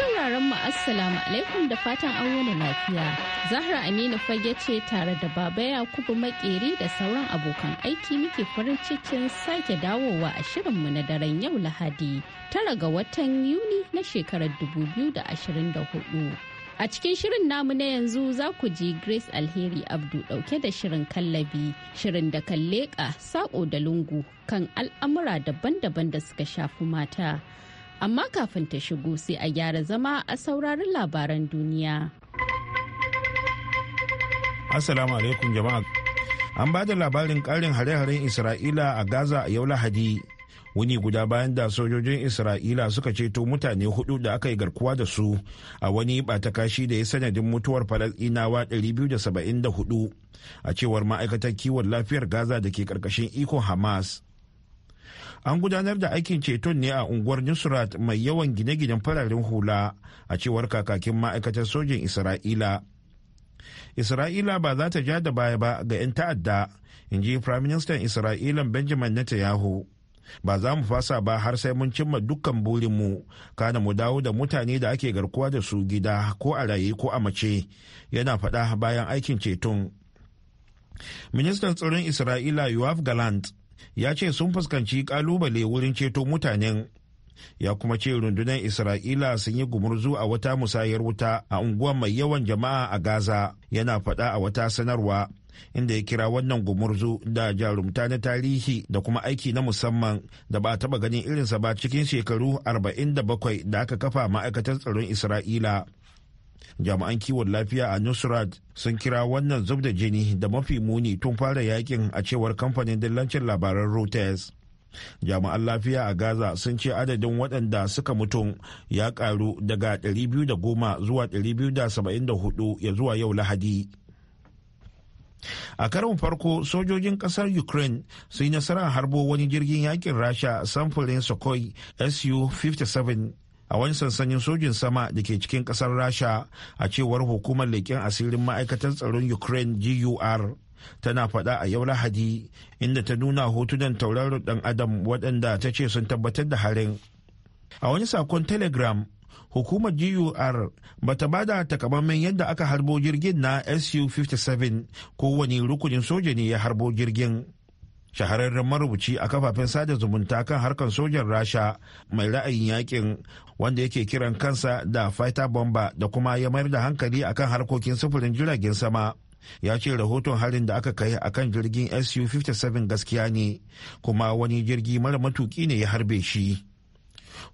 sauraron mu assalamu alaikum da fatan an wani lafiya. Zahra Aminu fage ce tare da Baba Yakubu Makeri da sauran abokan aiki muke farin cikin sake dawowa a shirinmu na daren yau Lahadi, tara ga watan Yuni na shekarar 2024. A cikin shirin namu na yanzu za ku ji Grace Alheri Abdu dauke da shirin kallabi, shirin da kan leƙa saƙo da lungu kan al'amura daban-daban da suka shafi mata. amma kafin ta shigo sai a gyara zama a saurarin labaran duniya. Assalamu alaikum jama'a. An ba da labarin karin hare-haren Isra'ila a Gaza a yau Lahadi. Wuni guda bayan da sojojin Isra'ila suka ceto mutane hudu da aka yi garkuwa da su a wani batakashi da ya sanadin mutuwar Falasɗinawa 274 a cewar ma'aikatar kiwon lafiyar Gaza da ke ƙarƙashin ikon Hamas. an gudanar da aikin ceton ne a unguwar nusrat mai yawan gine-ginen fararen hula a cewar kakakin ma'aikatar sojin isra'ila isra'ila ba za ta ja da baya ba ga 'yan ta'adda in ji firaministan isra'ilan benjamin netanyahu ba za mu fasa ba har sai mun cimma dukkan burinmu kana mu dawo da mutane da ake garkuwa da su gida ko a raye ko a mace yana faɗa bayan aikin ceton ministan tsaron isra'ila yoav galant ya ce sun fuskanci kalubale wurin ceto mutanen ya kuma ce rundunar isra'ila sun yi gumurzu a wata musayar wuta a unguwar mai yawan jama'a a gaza yana faɗa a wata sanarwa inda ya kira wannan gumurzu da jarumta na tarihi da kuma aiki na musamman da ba taba ganin irinsa ba cikin shekaru 47 da aka kafa ma'aikatar tsaron isra'ila jami'an kiwon lafiya a nusrat sun kira wannan zub da jini da mafi muni tun fara yakin a cewar kamfanin dillancin labaran reuters jami'an lafiya a gaza sun ce adadin waɗanda suka mutum ya ƙaru daga 210 zuwa 274 ya zuwa yau lahadi a karin farko sojojin kasar ukraine sun yi nasarar harbo wani jirgin yakin rasha samfurin sukhoi su-57 a wani sansanin sojin sama da ke cikin kasar rasha a cewar hukumar leƙen asirin ma'aikatar tsaron ukraine gur tana faɗa a yau lahadi inda ta nuna hotunan tauraron ɗan adam waɗanda ta ce sun tabbatar da harin a wani sakon telegram hukumar gur ba ta bada takamaiman yadda aka harbo jirgin na su-57 ko rukunin soja ne ya harbo jirgin shahararren marubuci a kafafen sada zumunta kan harkar sojan rasha mai ra'ayin yakin wanda yake kiran kansa da fighter bomber da kuma ya mayar da hankali akan harkokin sufurin jiragen sama ya ce rahoton harin da aka kai akan jirgin su-57 gaskiya ne kuma wani jirgi mara matuki ne ya harbe shi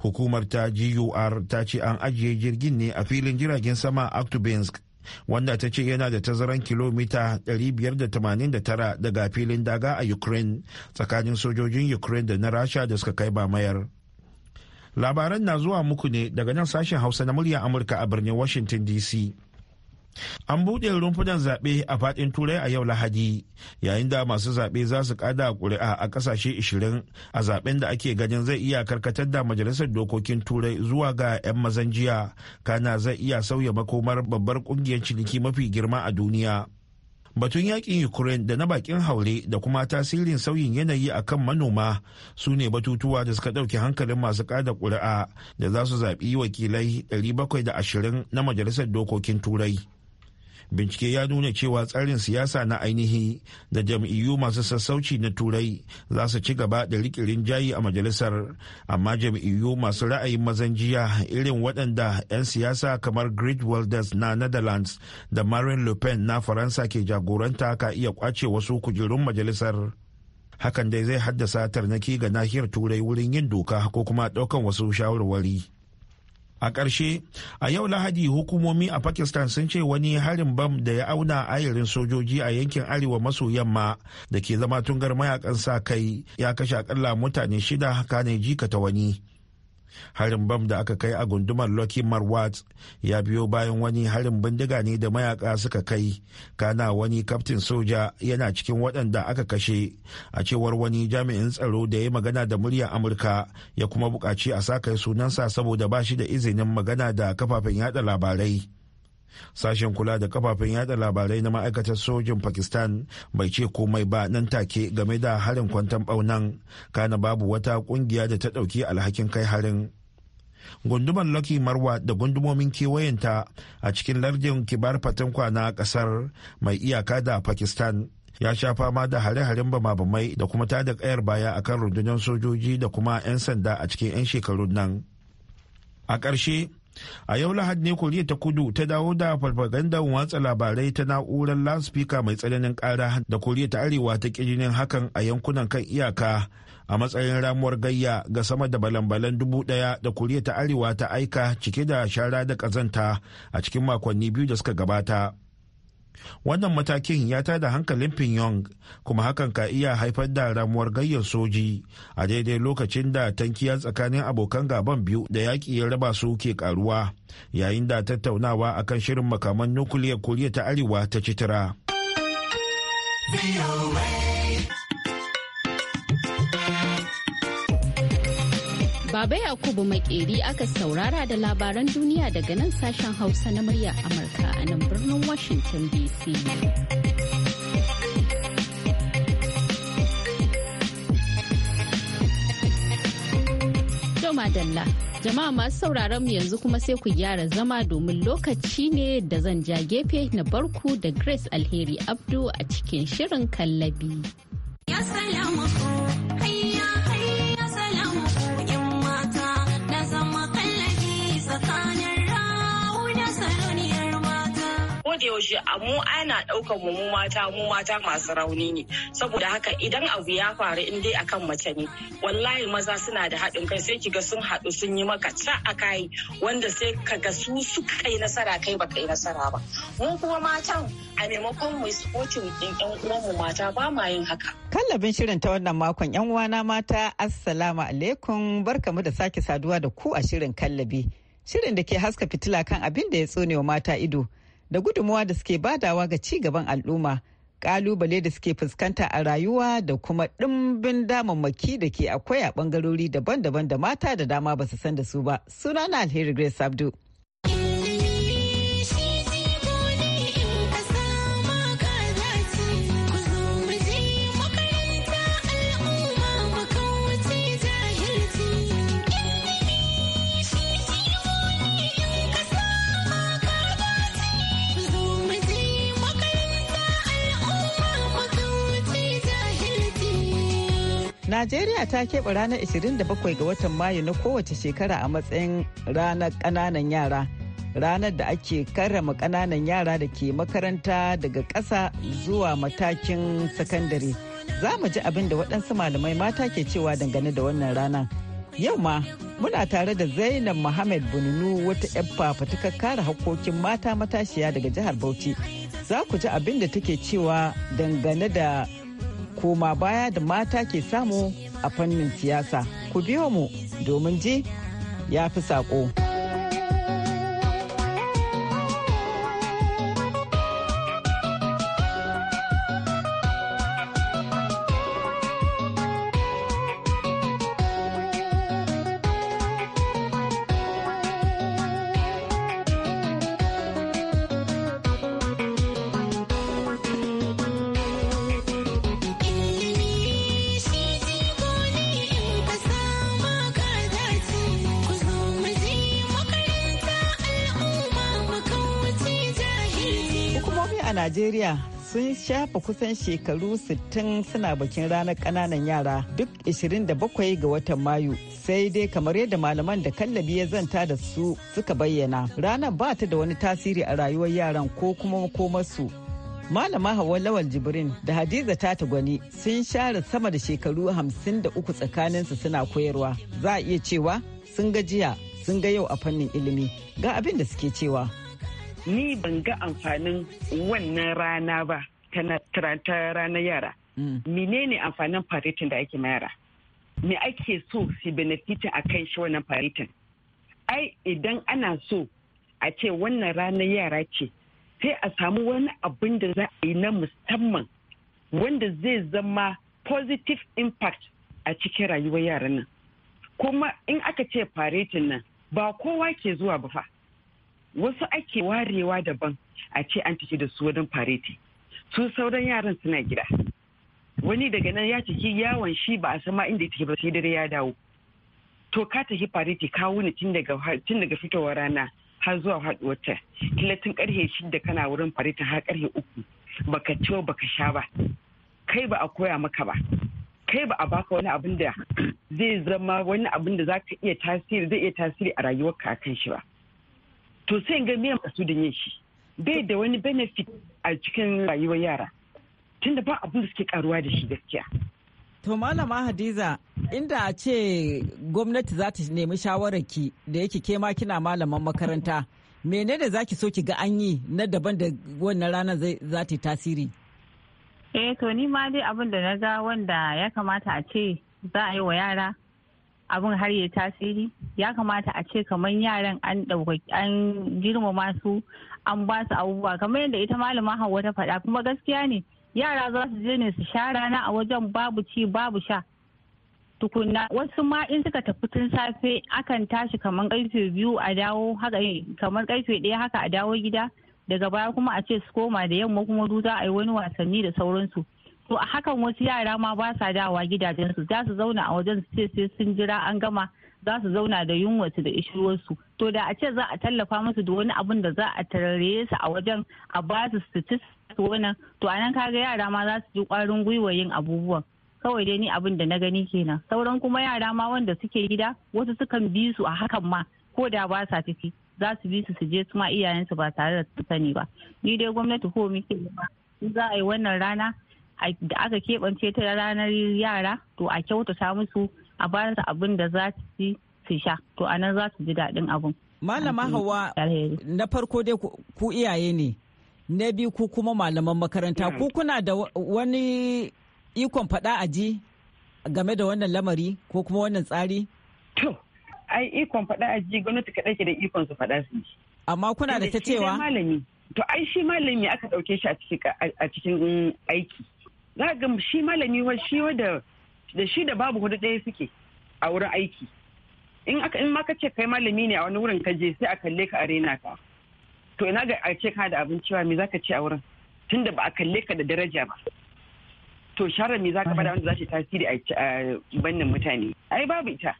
hukumar ta gur ta ce an ajiye jirgin ne a filin jiragen sama aktubinsk wanda ta ce yana da tazaran kilomita 589 daga filin daga a ukraine tsakanin sojojin ukraine da na rasha da suka kai mayar. labaran na zuwa muku ne daga nan sashen hausa na murya amurka a birnin washington dc An buɗe rumfunan zaɓe a faɗin Turai a yau Lahadi, yayin da masu zaɓe za su ƙada ƙuri'a a ƙasashe 20 a zaɓen da ake ganin zai iya karkatar da Majalisar Dokokin Turai zuwa ga 'yan mazan jiya, kana zai iya sauya makomar babbar ƙungiyar ciniki mafi girma a duniya. Batun yakin Ukraine da na bakin haure da kuma tasirin sauyin yanayi a kan manoma su ne batutuwa da suka ɗauki hankalin masu ƙada ƙuri'a da za su zaɓi wakilai 720 na Majalisar Dokokin Turai. bincike ya nuna cewa tsarin siyasa na ainihi da jam'iyyu masu sassauci na turai za su ci gaba da rikirin jayi a majalisar amma jam'iyyu masu ra'ayin mazan jiya irin waɗanda 'yan siyasa kamar great Wilders na netherlands da marine le pen na faransa ke jagoranta ka iya kwace wasu kujerun majalisar hakan dai zai haddasa tarnaki ga nahiyar turai wurin yin doka ko kuma ɗaukan wasu shawarwari a ƙarshe a yau lahadi hukumomi a pakistan sun ce wani harin bam da ya auna ayarin sojoji a yankin arewa maso yamma da ke zama tungar mayakan sa kai ya kashe akalla mutane shida ne jikata wani harin bam da aka kai a gundumar lucky marwat ya biyo bayan wani harin bindiga ne da mayaka suka kai kana wani kaftin soja yana cikin waɗanda aka kashe a cewar wani jami'in tsaro da ya magana da murya amurka ya kuma buƙaci a sa kai sunansa saboda ba shi da izinin magana da kafafen yada labarai sashen kula da kafafen yada labarai na ma'aikatar sojin pakistan bai ce komai ba nan take game da harin kwantan baunan kana babu wata kungiya da ta ɗauki alhakin kai harin gundumar Lucky Marwa da gundumomin kewayenta a cikin lardin kibar fatankwa na kasar mai iyaka da Pakistan ya sha fama da hare-haren bama-bamai da kuma tada kayar baya akan rundunar sojoji da kuma 'yan sanda a cikin 'yan shekarun nan. A ƙarshe, a yau lahadi ne koriya ta kudu ta dawo da farfaganda watsa labarai ta na'urar loudspeaker mai tsananin kara da koriya ta arewa ta kirinin hakan a yankunan kan iyaka a matsayin ramuwar gayya ga sama da balan-balan dubu ɗaya da koriya ta arewa ta aika cike da shara da ƙazanta a cikin makonni biyu da suka gabata wannan matakin ya ta da hankalin pyongyang kuma hakan ka iya haifar da ramuwar gayyar soji a daidai lokacin da tankiya tsakanin abokan gaban biyu da yaƙi ya raba su ke karuwa yayin da tattaunawa akan shirin makaman nukuliyar koriya ta arewa ta citira. Baba Yakubu Makeri aka saurara da labaran duniya daga nan sashen Hausa na murya Amurka a nan birnin Washington DC. Joma Dalla, jama'a masu sauraron mu yanzu kuma sai ku gyara zama domin lokaci ne da zan ja gefe na barku da Grace Alheri Abdu a cikin shirin kallabi. Ya salamu da yaushe mu ana ɗaukan mu mata mu mata masu rauni ne saboda haka idan abu ya faru in dai akan mace ne wallahi maza suna da haɗin kai sai kiga sun haɗu sun yi maka ca a kai wanda sai kaga su suka kai nasara kai baka yi nasara ba mu kuma matan a maimakon mu sportin din uwan mu mata ba ma yin haka kallabin shirin ta wannan makon yan uwana mata assalamu alaikum barkamu da sake saduwa da ku a shirin kallabi shirin da ke haska fitila kan abin da ya tsonewa mata ido da gudunmuwa da suke badawa ga ci gaban al'umma kalubale da suke fuskanta a rayuwa da kuma ɗimbin damammaki da ke akwai a ɓangarori daban-daban da mata da dama ba su san da su ba sunana alheri grace abdu Najeriya ta keɓe ranar 27 ga watan Mayu na kowace shekara a matsayin ranar ƙananan yara. Ranar da ake karrama ƙananan yara da ke makaranta daga ƙasa zuwa matakin sakandare. Za mu ji abin da waɗansu malamai mata ke cewa dangane da wannan rana. Yau ma muna tare da Zainab Muhammad Bununu wata 'yan fafatukar kare hakkokin mata matashiya daga jihar Bauchi. Za ku ji abin da take cewa dangane da koma baya da mata ke samu a fannin siyasa. Ku biyo mu domin ji ya fi saƙo. Najeriya sun shafa kusan shekaru 60 suna bakin ranar kananan yara duk 27 ga watan Mayu. Sai dai kamar yadda malaman da kallabi ya zanta da su suka bayyana. Ranar ba ta da wani tasiri a rayuwar yaran ko kuma makomarsu. Malama Hauwa Lawal Jibrin da Hadiza Tata Gwani sun share sama da shekaru hamsin da uku tsakaninsu suna koyarwa. Za a iya cewa sun ga jiya sun ga yau a fannin ilimi. Ga abin da suke cewa. ni ban ga amfanin wannan rana ba ta ranar yara mm. menene amfanin faritin da ake mayara me ake so su benefitin a kan shi wannan faritin ai idan ana so a ce wannan ranar yara ce sai a samu wani abin da za a yi na musamman wanda zai zama positive impact a cikin rayuwar yaran nan kuma in aka ce faretin nan ba kowa ke zuwa ba fa wasu ake warewa daban a ce an tafi da su wajen fareti su sauran yaran suna gida wani daga nan ya ciki yawon shi ba a sama inda take ba sai dare ya dawo to ka tafi fareti ka wuni tun daga fitowar rana har zuwa faduwar ta kila karfe shida kana wurin fareti har karfe uku baka ciwo baka sha ba kai ba a koya maka ba kai ba a baka wani abin da zai zama wani abin da za ka iya tasiri a rayuwarka a kan shi ba to sai ga me masu da yin shi bai da wani benefit a cikin rayuwar yara tunda ba abin da suke karuwa da shi gaskiya to malama hadiza inda a ce gwamnati za ta nemi shawararki da yake ke ma kina malaman makaranta menene za ki so ki ga an yi na daban da wannan ranar za ta yi tasiri eh to ni ma dai abin da na ga wanda ya kamata a ce za a yi wa yara abin har ya tasiri ya kamata a ce kamar yaran an an girmama su an ba su abubuwa kamar yadda ita malama hawa ta faɗa kuma gaskiya ne yara za su je ne su sha rana a wajen babu ci babu sha tukunna wasu ma in suka tafi tun safe akan tashi kamar karfe biyu a dawo haka kamar karfe ɗaya haka a dawo gida daga baya kuma a ce su koma da yamma kuma du za a yi wani wasanni da sauransu to a hakan wasu yara ma ba sa dawa gidajensu za su zauna a wajen su ce sai sun jira an gama za su zauna da yunwarsu da ishirwarsu to da a ce za a tallafa musu da wani abun da za a tarare su a wajen a ba su su ci su wannan to anan kaga yara ma za su ji kwarin gwiwa yin abubuwan kawai dai ni abin da na gani kenan sauran kuma yara ma wanda suke gida wasu sukan bi su a hakan ma ko da ba sa ciki za su bi su su je su ma iyayensu ba tare da su sani ba ni dai gwamnati ko muke ba za a yi wannan rana da aka keɓance ta ranar yara to a kyautata musu a bayar da abin da za su ci su sha to a nan za su ji daɗin abin. Malama Hawa na farko dai ku iyaye ne na biyu ku kuma malaman makaranta ku kuna da wani ikon faɗa aji game da wannan lamari ko kuma wannan tsari? To, ai ikon faɗa aji gwamnati kaɗai ke da ikon su faɗa su Amma kuna da ta cewa? malami. To ai shi malami aka ɗauke shi a cikin aiki. za ga shi malami wa shi da shi da babu hudu ɗaya suke a wurin aiki in aka in ma ka ce kai malami ne a wani wurin ka je sai a kalle ka arena ka to ina ga a ce ka da abin cewa me zaka ce a wurin tunda ba a kalle ka da daraja ba to sharar me zaka bada wanda za tasiri a bannin mutane ai babu ita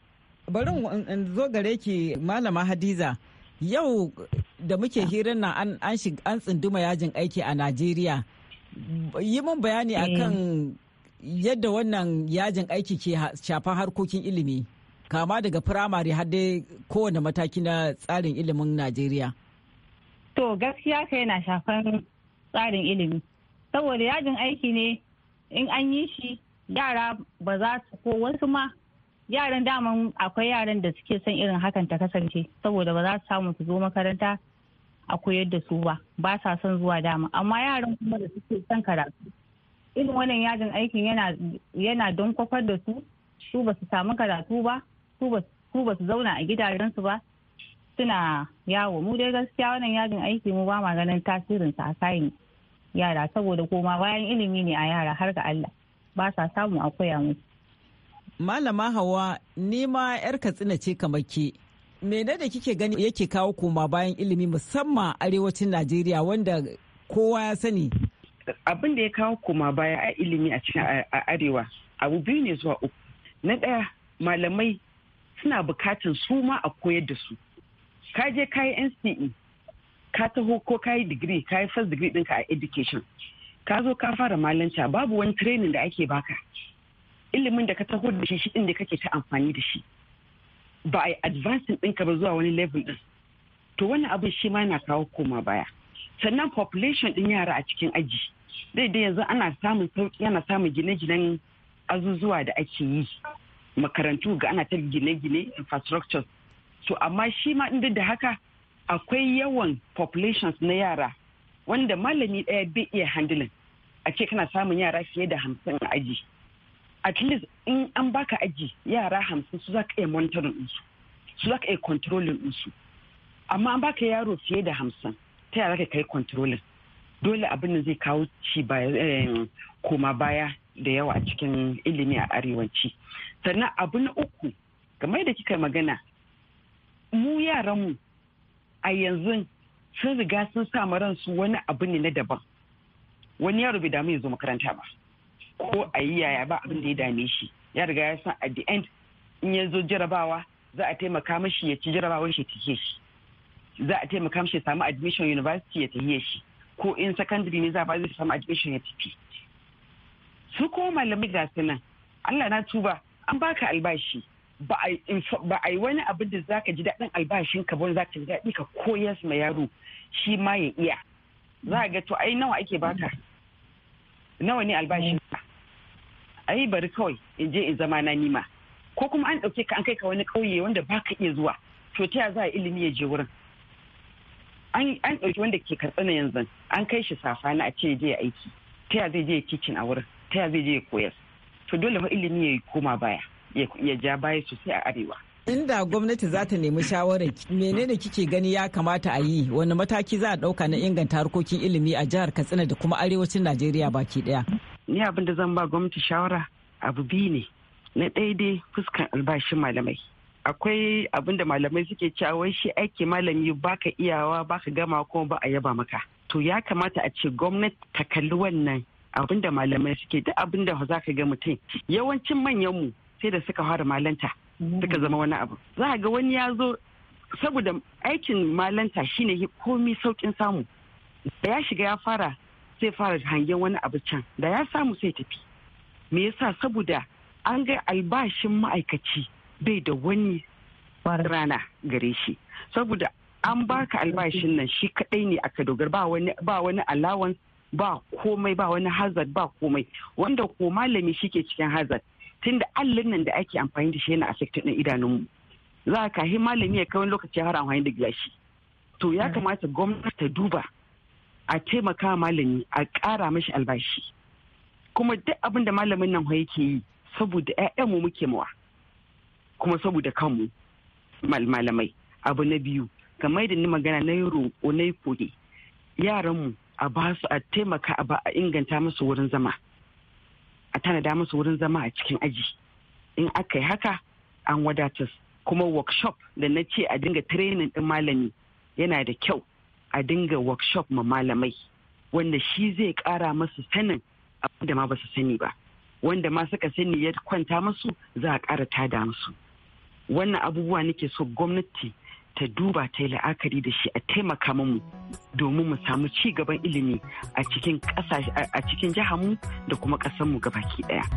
bari in zo gare ki malama hadiza yau da muke hirar nan an tsinduma yajin aiki a najeriya yi min bayani eh. akan yadda wannan yajin aiki ke shafan harkokin ilimi kama daga firamare har dai kowane mataki na tsarin ilimin najeriya to gaskiya ka yana shafan tsarin ilimi saboda yajin aiki ne in an yi shi yara ba za su ko wasu ma yaran daman akwai yaran da suke son irin hakan ta kasance saboda ba za su samu su zo makaranta a koyar da su ba ba sa son zuwa dama amma yaran kuma da suke son karatu irin wannan yajin aikin yana yana don kwafar da su su ba su samu karatu ba su ba su zauna a gidajensu ba suna yawo mu dai gaskiya wannan yajin aiki mu ba ma ganin tasirin sa a kayan yara saboda koma bayan ilimi ne a yara har ga Allah ba sa samu a koya musu. Malama Hawa, ni ma 'yar katsina ce kamar ke. mene da kike gani yake kawo koma bayan ilimi musamman arewacin najeriya wanda kowa ya sani abin da ya kawo koma baya a ilimi a cikin arewa abu biyu ne zuwa uku na ɗaya malamai suna bukatan su ma a koyar da su ka je ka yi nce ka taho ko ka yi digiri ka yi first degree ɗinka a education ka zo ka fara malanta babu wani training da ake baka ilimin da ka taho da shi shi inda kake ta amfani da shi ba a yi advancing ɗinka ba zuwa wani level ɗin to wani abin shi ma na kawo koma baya sannan population ɗin yara a cikin aji daidai yanzu ana samun sauki ana samun gine-ginen azuzuwa da ake yi makarantu ga ana ta gine-gine infrastructure to amma shi ma inda da haka akwai yawan populations na yara wanda malami ɗaya bai iya handling a ce kana samun yara fiye da hamsin a aji at least in an baka aji yara hamsin su za ka iya monitorin ɗinsu su za ka iya controlling su amma an baka yaro fiye da hamsin ta yara ka kai controlling dole abin da zai kawo ci eh, koma baya da yawa a cikin ilimi a arewaci sannan abu na uku game da kika magana mu yaran mu a yanzu sun riga sun samu ransu wani abu ne na daban wani yaro bai damu ya zo makaranta ba ko a yi yaya ba abin da ya dame shi ya riga ya san at the end in ya zo jarabawa za a taimaka mashi ya ci jarabawar shi ta shi za a taimaka mashi ya samu admission university ya tafiye shi ko in secondary ne za a ba zai samu admission ya tafi su ko malamai da su Allah na tuba an baka albashi ba a yi wani abin da zaka ji daɗin albashin ka bon zaka ji daɗi ka koyas ma yaro shi ma ya iya za ga to ai nawa ake baka nawa ne albashin ai bari kawai in je in zama na nima ko kuma an ɗauke ka an kai ka wani ƙauye wanda ba ka iya zuwa to ta za a ilimi ya je wurin an ɗauki wanda ke katsina yanzu an kai shi safana a ce je aiki ta zai je kicin a wurin ta zai je koyar to dole fa ilimi ya koma baya ya ja baya sosai a arewa inda gwamnati za ta nemi shawarar menene kike gani ya kamata a yi wani mataki za a ɗauka na inganta harkokin ilimi a jihar katsina da kuma arewacin najeriya baki ɗaya ni abin da zan ba gwamnati shawara abu biyu ne na daidai fuskan albashin malamai akwai abin da malamai suke cewa wai shi aiki malami baka iyawa baka gama kuma ba a yaba maka to ya kamata a ce gwamnati ta kalli wannan abin da malamai suke duk abin da za ka ga mutum yawancin manyan mu sai da suka fara malanta suka zama wani abu za ga wani ya zo saboda aikin malanta shine komi saukin samu da ya shiga ya fara zai fara hangen wani abu can da ya samu sai tafi me yasa saboda an ga albashin ma'aikaci bai da wani rana gare shi saboda an baka albashin nan shi kadai ne aka dogar ba wani ba wani allowance ba komai ba wani hazard ba komai wanda ko malami shi ke cikin hazard tunda allin nan da ake amfani da shi yana affected din mu za ka hi malami ya kai wani lokaci har amfani da gilashi to ya mm. kamata gwamnati ta duba a taimaka malami a ƙara mashi albashi kuma duk abin da malamin nan yake yi saboda 'ya'yanmu muke mawa kuma saboda kanmu malamai abu na biyu kamar da ni magana na yi roƙo na yi yaranmu a ba su a taimaka a ba a inganta musu wurin zama a tanada musu wurin zama a cikin aji in aka yi haka an wadatar kuma workshop da na ce a dinga training din malami yana da kyau a dinga workshop ma malamai wanda shi zai kara masu sanin abin da ma ba su sani ba wanda ma suka sani ya kwanta masu za a kara tada musu wannan abubuwa nake so gwamnati ta duba ta yi la'akari da shi a taimaka mu domin mu samu ci gaban ilimi a cikin jihar mu da kuma mu gabaki ɗaya.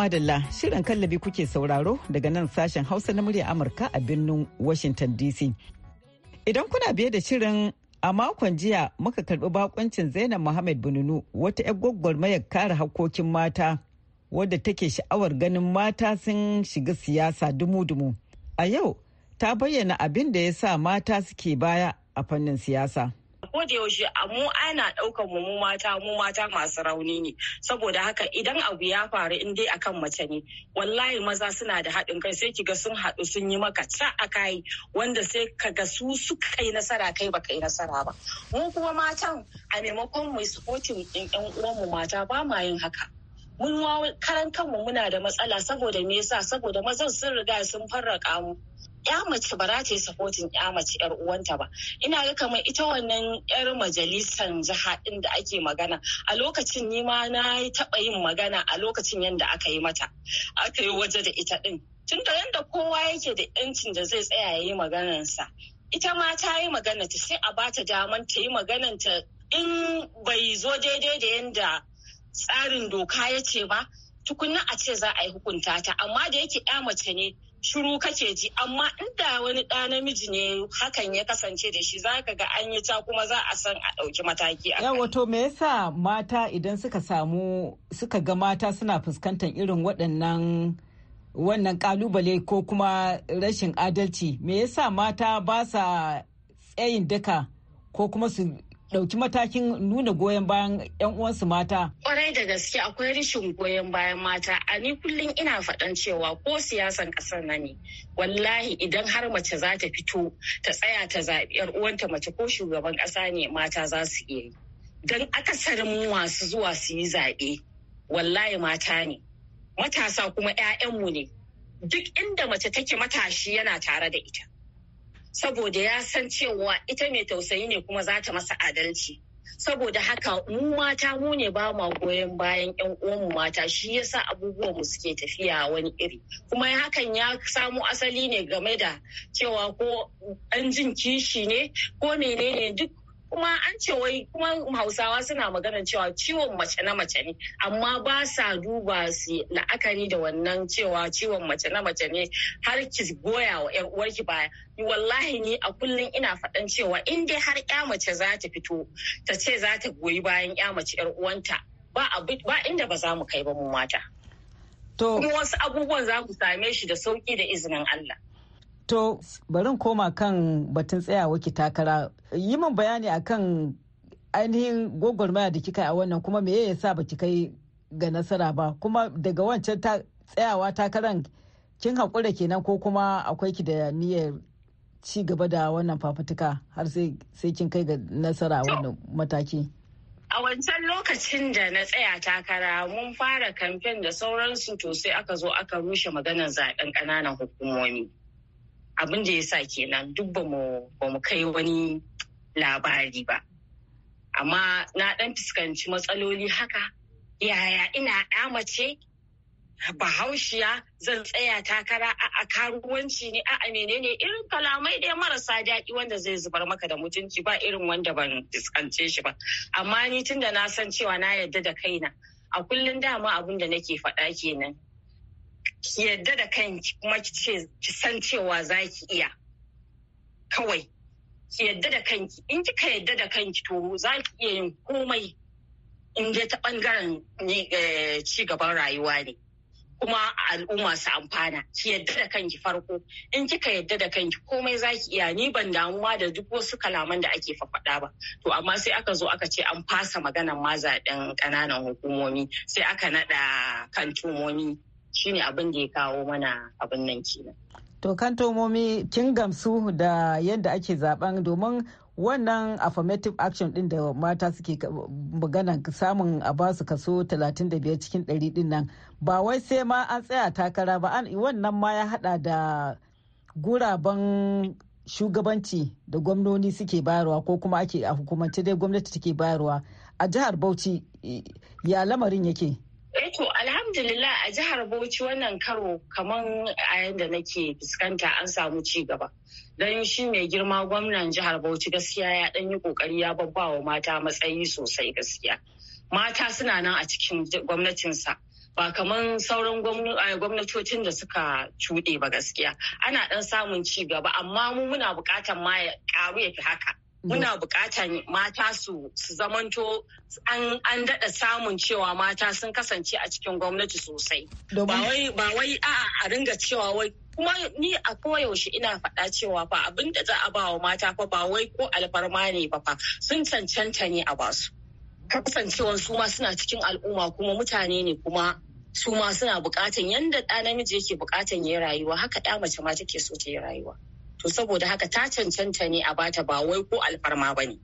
madalla shirin kallabi kuke sauraro daga nan sashen hausa na murya amurka a birnin washington dc idan kuna biye da shirin a makon jiya muka karbi bakoncin zainab muhammad bununu wata 'yar gwagwarmayar kare hakkokin mata wadda take sha'awar ganin mata sun shiga siyasa dumu-dumu a yau ta bayyana abin da ya sa mata suke baya a fannin siyasa koda da yaushe mu ana ɗaukar mu mu mata mu mata masu rauni ne saboda haka idan abu ya faru in dai akan mace ne wallahi maza suna da haɗin kai sai kiga sun haɗu sun yi maka ca a kai wanda sai kaga su suka kai nasara kai baka yi nasara ba mu kuma matan a maimakon mu supporting ɗin uwan mu mata ba ma yin haka mun karan kanmu muna da matsala saboda me yasa saboda mazan sun riga sun farraka mu ya mace ba za ta yi sapotin ya mace yar uwanta ba ina ga kamar ita wannan yar majalisan jiha ɗin da ake magana a lokacin ni ma na taba yin magana a lokacin yadda aka yi mata aka yi waje da ita ɗin tun da yadda kowa yake da yancin da zai tsaya ya yi maganarsa ita ma ta yi magana ta sai a bata daman ta yi maganar ta in bai zo daidai da yadda tsarin doka ya ce ba tukunna a ce za a yi hukunta ta amma da yake ya mace ne shiru kake ji amma inda wani ɗa namiji ne hakan ya kasance da shi za ka ga an yi ta kuma za a san a ɗauki mataki a yawa to me yasa mata idan suka samu suka ga mata suna fuskantar irin waɗannan wannan ƙalubale ko kuma rashin adalci me yasa mata ba sa tsayin daka ko kuma su ɗauki matakin nuna goyon bayan 'yan uwansu mata. Kwarai da gaske akwai rashin goyon bayan mata. A ni kullum ina faɗan cewa ko siyasan ƙasar na ne. Wallahi idan har mace za ta fito ta tsaya ta zaɓi 'yar uwanta mace ko shugaban ƙasa ne mata za su iya yi. Don akasarin masu zuwa su yi zaɓe wallahi mata ne. Matasa kuma 'ya'yanmu ne. Duk inda mace take matashi yana tare da ita. saboda ya san cewa ita mai tausayi ne kuma za ta masa adalci saboda haka mu mata mu ne ba ma goyon bayan yan uwanmu mata shi yasa abubuwan mu suke tafiya wani iri kuma hakan ya samo asali ne game da cewa ko an jin kishi ne ko menene duk kuma an ce wai kuma hausawa suna magana cewa ciwon mace na mace ne amma ba sa duba su la'akari da wannan cewa ciwon mace na mace ne har ki goya wa yan uwarki baya wallahi ni a kullum ina faɗan cewa in dai har ya mace za ta fito ta ce za ta goyi bayan ya mace yar uwanta ba ba inda ba za mu kai ba mu mata To. Kuma wasu abubuwan za ku same shi da sauki da izinin Allah. To barin koma kan batun tsayawa ki takara. Yi min bayani akan ainihin gwagwarmaya da kika a wannan kuma me ya sa baki kai ga nasara ba kuma daga wancan tsayawa takaran kin haƙura kenan ko kuma akwai ki da niyyar ci gaba da wannan fafutuka har sai kin kai ga nasara wannan mataki. A wancan lokacin da na tsaya takara mun fara kamfen da sauransu to sai aka zo aka rushe maganar zaɓen ƙananan hukumomi. abin da ya sa kenan duk ba mu kai wani labari ba amma na ɗan fuskanci matsaloli haka yaya ina ɗa mace bahaushiya zan tsaya takara a karuwanci ne a menene irin kalamai dai marasa daɗi wanda zai zubar maka da mutunci ba irin wanda ban fuskance shi ba amma ni tunda na san cewa na yarda da kaina a kullum dama abin da nake faɗa kenan ki yadda da kanki kuma ki san cewa za ki iya kawai ki yadda da kanki in kika yadda da kanki to za ki iya yin komai in dai ta bangaren eh, ci gaban rayuwa ne kuma al'umma su amfana ki yadda da kanki farko in kika yadda da kanki komai za ki iya ni ban damuwa da duk wasu kalaman da ake fafaɗa ba to amma sai aka zo aka ce an fasa maganan mazaɗin ƙananan hukumomi sai aka naɗa kantumomi ne abin da ya kawo mana abin nan kenan to kan tomomi kin gamsu da yadda ake zaben domin wannan affirmative action din da mata suke magana samun a ba su kaso 35 cikin 100 din nan ba wai sai ma an tsaya takara ba wannan ma ya hada da guraben shugabanci da gwamnoni suke bayarwa ko kuma ake a hukumance dai gwamnati take bayarwa a jihar bauchi ya lamarin yake eto eh alhamdulillah a jihar bauchi wannan karo kamar a yadda nake fuskanta an samu ci gaba don shi mai girma gwamnan jihar bauchi gaskiya ya dan yi kokari ya babba wa mata matsayi sosai gaskiya mata suna nan a cikin gwamnatinsa ba kaman sauran gwamnatocin da suka cuɗe ba gaskiya ana dan samun ci gaba amma mu muna bukatar ma ya ƙaru ya fi haka muna mm. buƙatar mata su zamanto an daɗa samun cewa mata sun kasance a cikin gwamnati sosai ba wai a ringa cewa wai kuma ni a koyaushe ina faɗa cewa fa abin da za a ba wa mata fa ba wai ko alfarma ne ba fa sun cancanta ne a basu kasancewar su ma suna cikin al'umma kuma mutane ne kuma su ma suna buƙatan yadda ɗa namiji yake buƙatan ya rayuwa haka ɗa mace ma take so ta yi rayuwa to saboda haka ta cancanta ne a bata ba wai ko alfarma ba ne.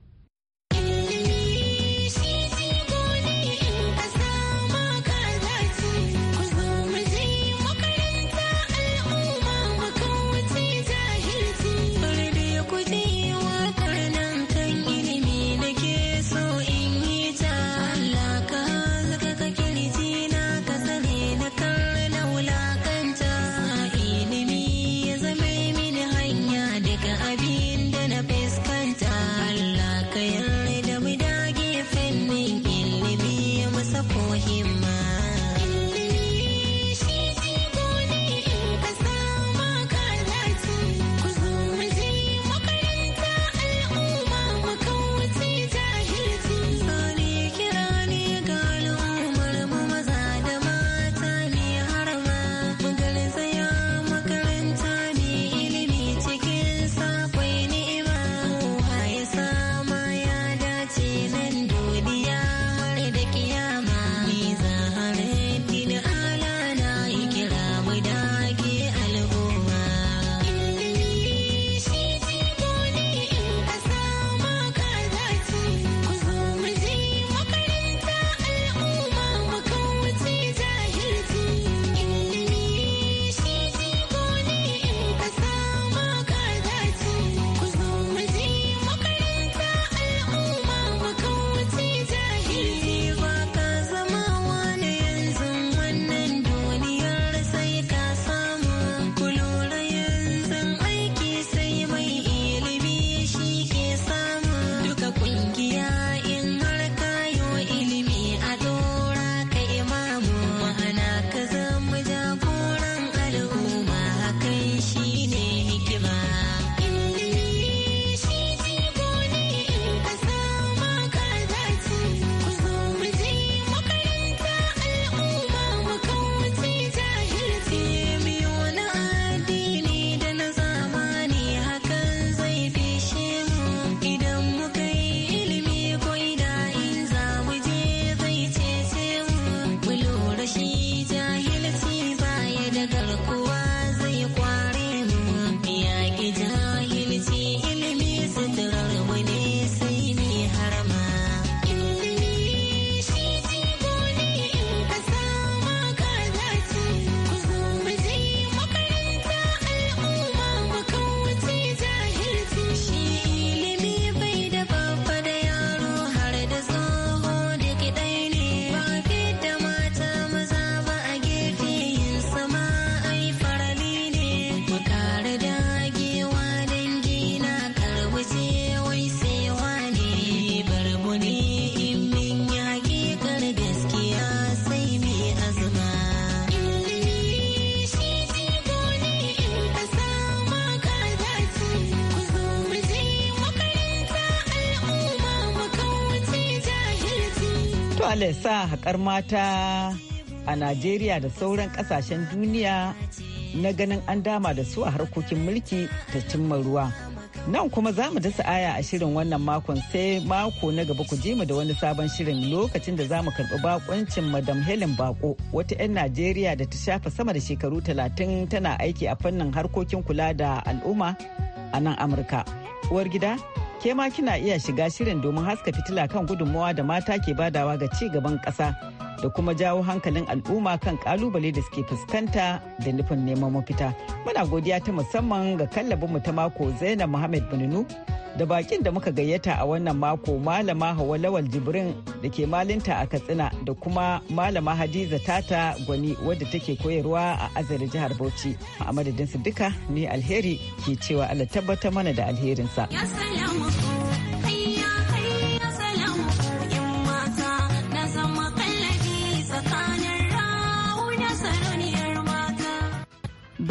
Allah ya sa haƙar mata a Najeriya da sauran ƙasashen duniya na ganin an dama da su a harkokin mulki ta cimma ruwa. Nan kuma za mu dasa aya a shirin wannan makon sai mako na gaba ku je mu da wani sabon shirin lokacin da za mu karɓi bakoncin Madam Helen Bako wata 'yan Najeriya da ta shafa sama da shekaru talatin tana aiki a fannin harkokin kula da al'umma a nan Amurka. Uwar gida, ke ma kina iya shiga shirin domin haska fitila kan gudunmawa da mata ke badawa ga ci gaban ƙasa da kuma jawo hankalin al'umma kan kalubale da suke fuskanta da nufin neman mafita. Muna godiya ta musamman ga kallabin ta mako Zainab Muhammad Bununu da bakin da muka gayyata a wannan mako malama Hawa Lawal Jibrin da ke malinta a Katsina da kuma malama Hadiza Tata Gwani wadda take koyarwa a Azare jihar Bauchi. A madadin duka ne alheri ke cewa Allah tabbatar mana da alherinsa. Ya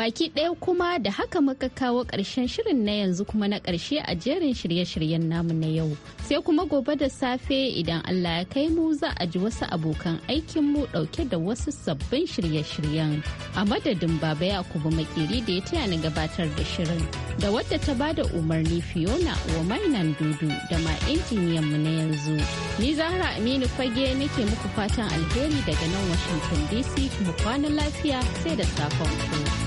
baki ɗaya kuma da haka muka kawo ƙarshen shirin na yanzu kuma na ƙarshe a jerin shirye-shiryen namu na yau sai kuma gobe da safe idan allah ya kai mu za a ji wasu abokan aikinmu ɗauke da wasu sabbin shirye-shiryen a madadin baba yakubu makeri da ya taya ni gabatar da shirin da wadda ta ba da umarni fiona wa mainan dudu da ma injiniyan mu na yanzu ni zahra aminu fage nake muku fatan alheri daga nan washington dc mu kwana lafiya sai da safon ku.